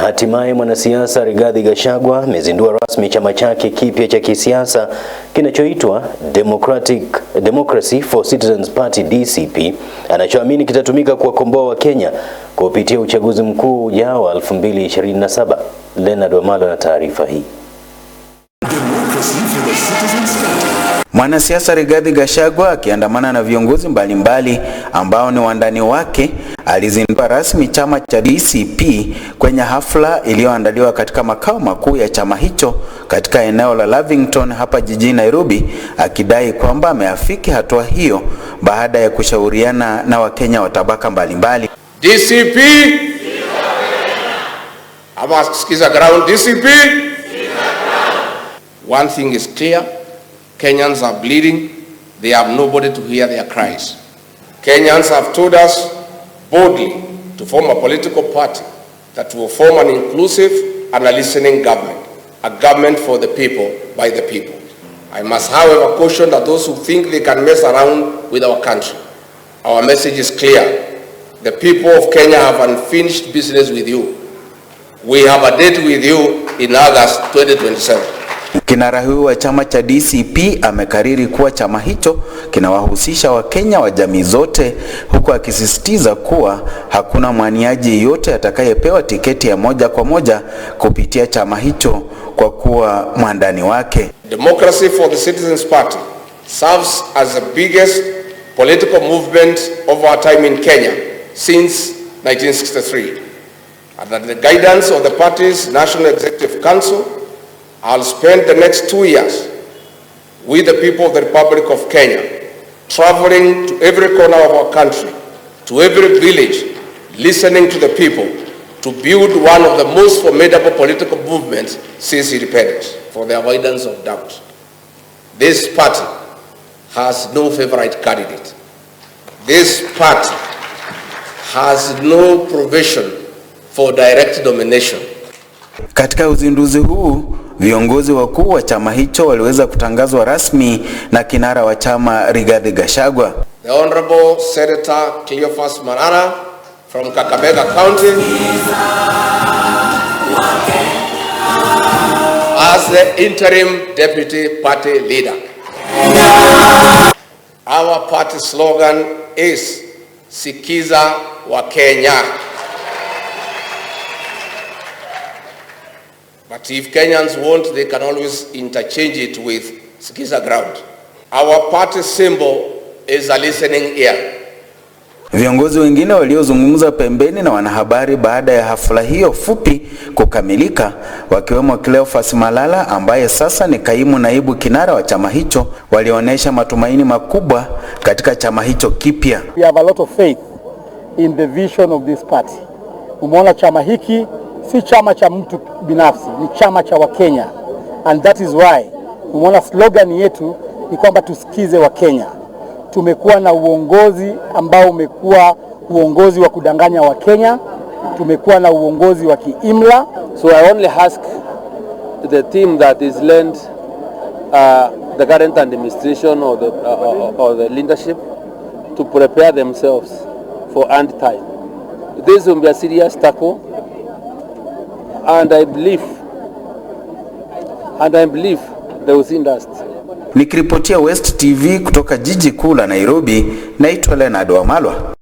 Hatimaye mwanasiasa Rigathi Gachagua amezindua rasmi chama chake kipya cha kisiasa kinachoitwa Democratic Democracy for Citizens Party DCP, anachoamini kitatumika kuwakomboa Wakenya kupitia uchaguzi mkuu ujao wa 2027. Leonard Wamalo na taarifa hii. Mwanasiasa Rigathi Gachagua akiandamana na viongozi mbalimbali ambao ni wandani wake alizindua rasmi chama cha DCP kwenye hafla iliyoandaliwa katika makao makuu ya chama hicho katika eneo la Lavington hapa jijini Nairobi, akidai kwamba ameafiki hatua hiyo baada ya kushauriana na Wakenya wa tabaka mbalimbali. DCP ama sikiza ground DCP. One thing is clear Kenyans are bleeding. They have nobody to hear their cries. Kenyans have told us boldly to form a political party that will form an inclusive and a listening government, a government for the people, by the people. I must, however, caution that those who think they can mess around with our country. Our message is clear. The people of Kenya have unfinished business with you. We have a date with you in August 2027. Kinara huyu wa chama cha DCP amekariri kuwa chama hicho kinawahusisha Wakenya wa jamii zote, huku akisisitiza kuwa hakuna mwaniaji yeyote atakayepewa tiketi ya moja kwa moja kupitia chama hicho kwa kuwa mwandani wake. Democracy for the Citizens Party serves as the biggest political movement of our time in Kenya since 1963 under the guidance of the party's National Executive Council I'll spend the next two years with the people of the Republic of Kenya, traveling to every corner of our country, to every village, listening to the people to build one of the most formidable political movements since independence, for the avoidance of doubt. This party has no favorite candidate. This party has no provision for direct domination. Katika uzinduzi huu Viongozi wakuu wa chama hicho waliweza kutangazwa rasmi na kinara wa chama Rigathi Gachagua. The Honorable Senator Cleophas Marara from Kakamega County as the interim deputy party leader. Our party slogan is Sikiza wa Kenya. But if Kenyans want, they can always interchange it with Skiza ground. Our party symbol is a listening ear. Viongozi wengine waliozungumza pembeni na wanahabari baada ya hafla hiyo fupi kukamilika, wakiwemo Cleophas Malala ambaye sasa ni kaimu naibu kinara wa chama hicho, walionyesha matumaini makubwa katika chama hicho kipya. We have a lot of faith in the vision of this party. Umeona chama hiki si chama cha mtu binafsi, ni chama cha Wakenya, and that is why umeona slogan yetu ni kwamba tusikize Wakenya. Tumekuwa na uongozi ambao umekuwa uongozi wa kudanganya Wakenya, tumekuwa na uongozi wa kiimla. So I only ask the team that is lent uh, the current administration or the, uh, or the leadership to prepare themselves for end time. This will be a serious tackle and I believe, and I believe the within dust. Nikiripotia West TV kutoka jiji kuu la Nairobi, naitwa Leonard Wamalwa.